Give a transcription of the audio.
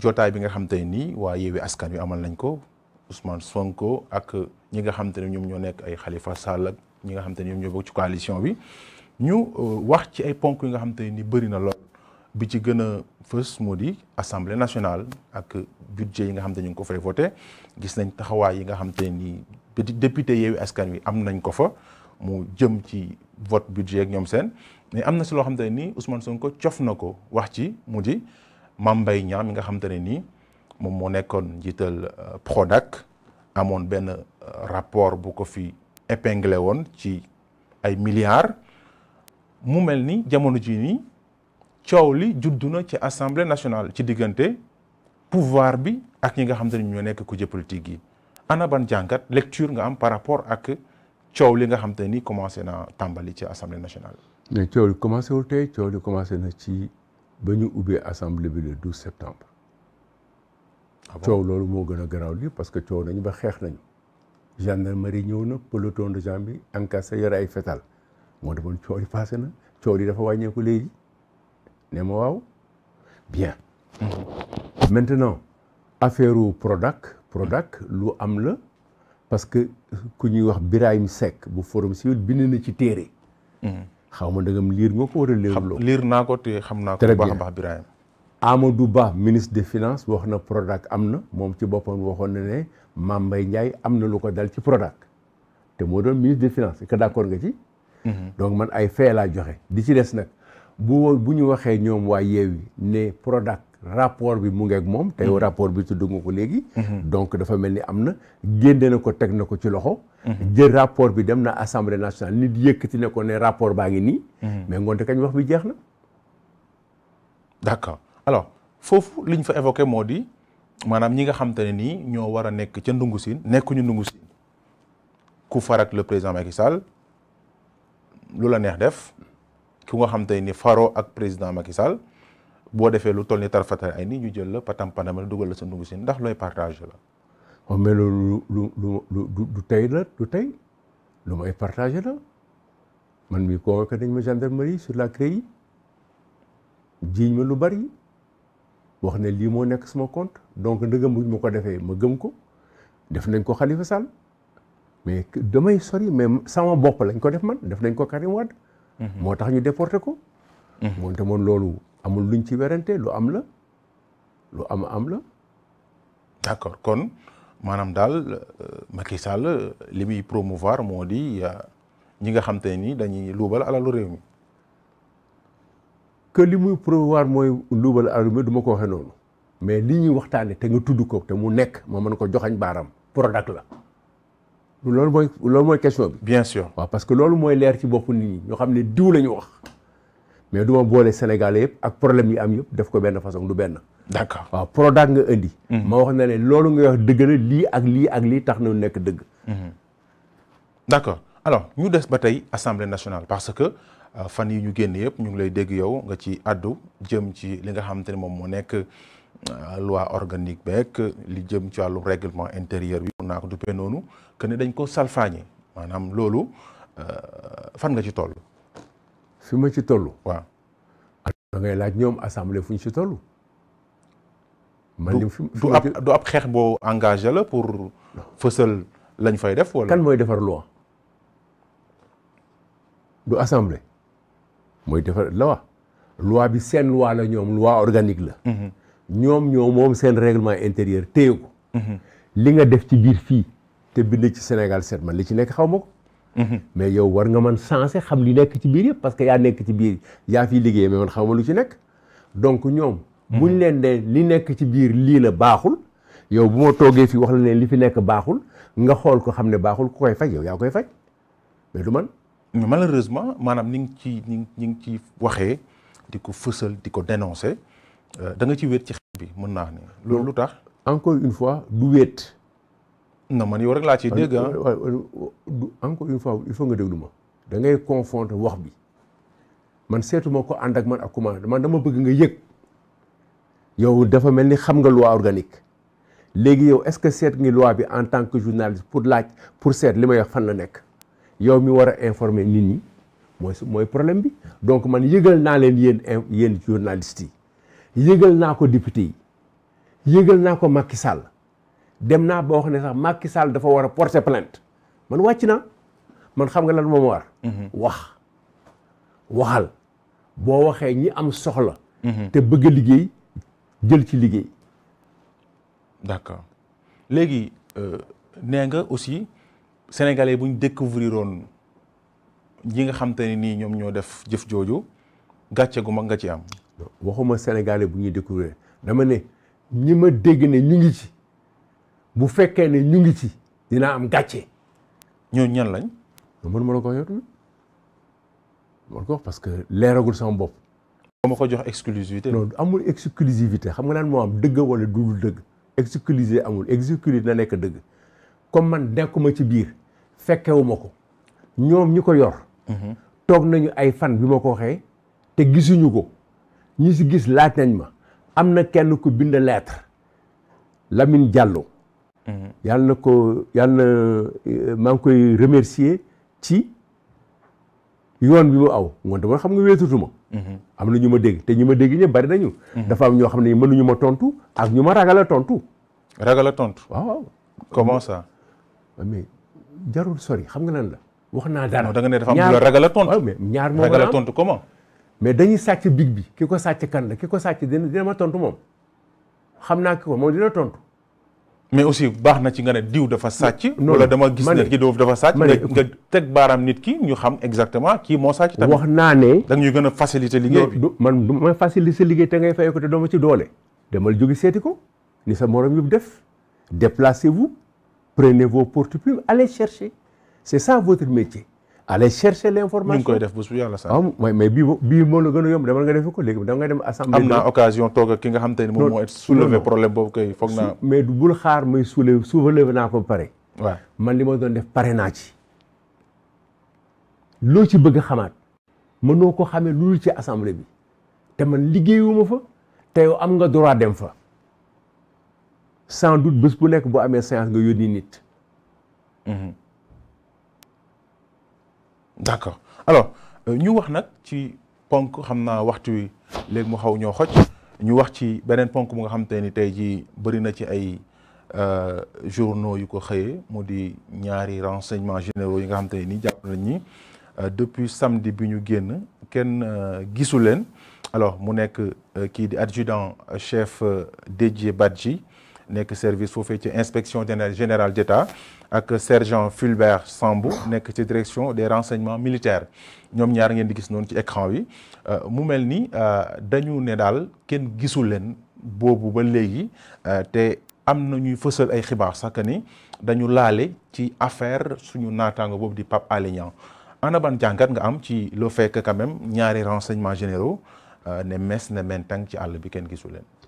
jotaay bi nga xam te ne nii waa Yewwi Askan Wi amal nañ ko Ousmane Sonko ak ñi nga xam te ne ñoom ñoo nekk ay xalifa Sall ñi nga xam te ne ñoom ñoo bokk ci coalition bi ñu euh, wax ci ay ponk yi nga xam te ne nii bëri na lool bi ci gën a fës moo di assemblée nationale ak budget yi nga xam te ñu ngi ko fay voté gis nañ taxawaay yi nga xam te ni député Yewwi Askan Wi am nañ ko fa mu jëm ci vote budget ñoom seen mais am na si loo xam te ni Ousmane Sonko cof na ko wax ci mu di. Mame Mbaye Niang mi nga xamante ne nii moom moo nekkoon njiital euh, Prodac amoon benn euh, rapport bu ko fi épinglé woon ci ay milliards mu mel ni jamono ji nii coow li juddu na ci assemblée nationale ci diggante pouvoir bi ak ñi nga xamante ne ñoo nekk kujje politique yi ana ban jàngat lecture nga am par rapport ak coow li nga xamante nii commencé na tàmbali ci assemblée nationale. mais coow li commencé wul tey coow li commencé na ci. ba ñu ubbee assemblée bi le 12 septembre. Ah coow loolu moo gën a garaaw lii parce que coow nañu ba xeex nañu. gendarmerie ñëw na peloton de gendarme bi encaissé yore ay fetal moo defoon coow yi passé na coow yi dafa wàññeeku léegi ne ma waaw bien maintenant affaire u Prodac Prodac lu am la parce que ku ñuy wax Birahim Seck bu Forum Civil bind na ci téere mm-hmm. xaw ma ndegam liir nga ko war a léerloo liir naa ko te xam naa ko bu baax a baax Birahim Amadou Ba ministre de finance wax na Prodac am na moom ci boppam waxoon na ne Mame Mbaye Ndiaye am na lu ko dal ci Prodac te moo doon ministre des finances que d'accord nga ci mhm. donc man ay fee laa joxe di ci des nag bu bu ñu waxee ñoom waa yi ne Prodac rapport bi mu ngi ak moom tey mhm. rapport bi tudd nga ko léegi mhm. donc dafa mel ni am na génne na ko teg na ko ci loxo mhm. jël rapport bi dem na assemblée nationale nit yëkkati ne ko ne rapport baa ngi nii mais ngoonte kañ wax bi jeex na d'accord alors foofu liñ fa évoqué moo di maanaam ñi nga xam ne nii ñoo war a nekk ca ndungu siin nekkuñu ndungu siin ku farak le président Macky Sall lu la neex def ku nga xam te ni faro ak président Macky Sall boo defee lu toll ni tarfatal ay ni ñu jël la patam panamal dugal la sa ndungu si ndax looy partage la xam mais loolu lu lu lu du tey la du tey lu may partagé la man mi convoqué nañ ma gendarmerie sur la CREI jiiñ ma lu bari wax ne lii moo nekk suma compte donc ndëgëm buñ ma ko defee ma gëm ko def nañ ko Khalifa Sall mais damay sori mais sama bopp lañ ko def man def nañ ko Karim Wade mhm. moo tax ñu déporté ko mhm. moonte moon loolu amul luñ ci werante lu am la lu am am la. d'accord kon maanaam daal euh, Macky Sall li muy promouvoir moo di euh, ñi nga xam te ni dañuy luubal alalu réew mi. que li muy promouvoir mooy luubal alalu mi du ko waxee noonu. mais li ñuy waxtaane te nga tudd ko te mu nekk ma mën ko joxañ baaram Prodac la loolu mooy loolu mooy question bi. bien sûr waaw parce que loolu mooy leer ci bopp nit ñi ñoo xam ne diw la ñu wax. mais du ma boole Sénégalais yëpp ak problème yi am yëpp def ko benn façon du benn. d'accord waaw Prodac nga indi. Mhm. ma wax na ne loolu nga wax dëgg la lii ak lii ak lii tax na nekk dëgg. Mhm. d'accord alors ñu des ba tey assemblée nationale parce que euh, fan yi ñu génn yëpp ñu ngi lay dégg yow nga ci àddu jëm ci li nga xamante ne moom moo nekk euh, loi organique beeg li jëm ci wàllu règlement intérieur bi. naa ko duppee noonu que ne dañ ko salfaañe maanaam loolu euh, fan nga ci toll. fi ma ci toll. waaw da ngay laaj ñoom assemblée fu ñu ci toll. man li fi du ab xeex boo engagé la pour fësal lañ fay def wala. kan mooy defar loi du assemblée mooy defar loi loi bi seen loi la ñoom loi organique la. Mhm. ñoom ñoo moom seen réglement intérieur téye ko. Mhm. li nga def ci biir fii te bind ci Sénégal set man li ci nekk xaw ma ko. mais yow war nga man sensé xam li nekk ci biir yëpp parce que yaa nekk ci biir yaa fiy liggéey mais man xawma lu ci nekk donc ñoom buñ leen de li nekk ci biir lii la baaxul yow bu ma toogee fii wax la ne li fi nekk baaxul nga xool ko xam ne baaxul ku koy faj yow yaa koy faj mais du man mais malheureusement maanaam ni ngi ci ñi ngi ci waxee di ko fësal di ko dénoncer euh, da nga ci wéet ci bi mën naa ne loolu lu tax encore une fois du wéet non man yow rek laa ci euh, dégg ah. du encore une fois il faut nga déglu ma da ngay confondre wax bi man seetuma ko ànd ak man ak commande man dama bëgg nga yëg yow dafa mel ni xam nga loi organique léegi yow est-ce que seet ngi loi bi en tant que journaliste pour laaj pour seet li may wax fan la nekk yow mi war a informer nit ñi mooy mooy problème bi donc man yëgal naa leen yéen yéen journalistes yi yëgal naa ko député yi yëgal naa ko Macky Sall dem naa boo xam ne sax Macky Sall dafa war a porter man wàcc na man xam nga lan moom war. Mhm. wax waxal boo waxee ñi am soxla. Mhm. te bëgg a liggéey jël ci liggéey. d'accord léegi euh, nee nga aussi sénégalais bu ñu découvrir woon ñi nga xam ne nii ñoom ñoo def jëf jooju gàcce gu mag nga ci am. waxuma sénégalais bu ñuy découvrir dama ne ñi ma dégg ne ñu ngi ci bu fekkee ne ñu ngi ci dina am gàcce. ñooñu ñan lañ. man ma la ko wax yow ma ko wax parce que leeragul sama bopp. ma ko jox exclusivité. non amul exclusivité xam nga naan moo am dëgg wala duul dëgg. exclusivité amul exclusivité na nekk dëgg comme man nekkuma ci biir fekkewuma ko ñoom ñi ko yor. Mhm. toog nañu ay fan bi ma ko waxee te gisuñu ko ñi si gis laaj nañ ma am na kenn ku bind lettre Lamine Diallo. Mm-hmm. yàlla na ko yàlla eh, maa ngi koy remercier ci yoon bi mu aw ngoonte man xam nga wéetutuma mm-hmm. am na ñu ma dëgg te ñu ma dégg ñëpp bari nañu mm-hmm. dafa am ñoo xam ne mënuñu ma tontu ak ñu ma ragal a tontu ragal a tontu waaw waaw comment ça ah, mais jarul sori xam la wax naa dara da nga ne dafa ragal a tontu mais ñaar moo ragal a mais dañuy sàcc big bi ki ko sàcc kan ki ko sàcc dina dina ma tontu moom xam naa ki ko moom dina tontu mais aussi baax na ci nga ne diw dafa sàcc. wala dama gis nit ki doof dafa sàcc. nga nga teg baaraam nit ki ñu xam exactement kii moo sàcc. tamit wax naa ne. da ñuy gën a faciliter liggéey bi. man du ma faciliter liggéey te ngay fay ko te doo ma ci doole. demal jógi seeti ko ni sa morom yëpp def déplacez-vous prenez vos porte-plume allez chercher c'est ça votre métier. aller chercher l'information ñu ngi koy def bu su ah, bii bii la gën a yomb demal nga defi ko léegi da ngay dem assemblée am naa occasion toog ak ki nga xam te ne moom moo soulever problème boobu koy foog naa mais du bul xaar muy soulever naa ko pare waaw man li ma doon def pare naa ci loo ci bëgg xamaat mënoo ko xamee lu dul ci assemblée bi te man liggéeyuma fa te am nga droit dem fa sans doute bés bu nekk bu amee séance nga yónni nit mhm. d'accord alors euh, ñu wax nag ci ponk xam naa waxtu wi léegi mu xaw ñoo xoj ñu wax ci beneen ponk mu nga xam te ni tey jii bëri na ci ay euh, journaux yu ko xëyee mu di ñaari renseignements généraux yi nga xam te ni jàpp nañ ni euh, depuis samedi bi ñu génn kenn gisu leen alors mu nekk kii di adjudant chef Déthié ji nekk service foofee ci inspection générale d'État ak sergent Fulbert Sambou nekk ci direction des renseignements militaire ñoom ñaar ngeen di gis noonu ci écran bi euh, mu mel ni euh, dañu ne daal kenn gisul leen boobu ba léegi euh, te am na ñuy fësal ay xibaar sax ni dañu laale ci affaire suñu naataango boobu di Pape Alé Niang ana ban jàngat nga am ci le fekk que quand même ñaari renseignements généraux ne mes ne mentang ci àll bi kenn gisu leen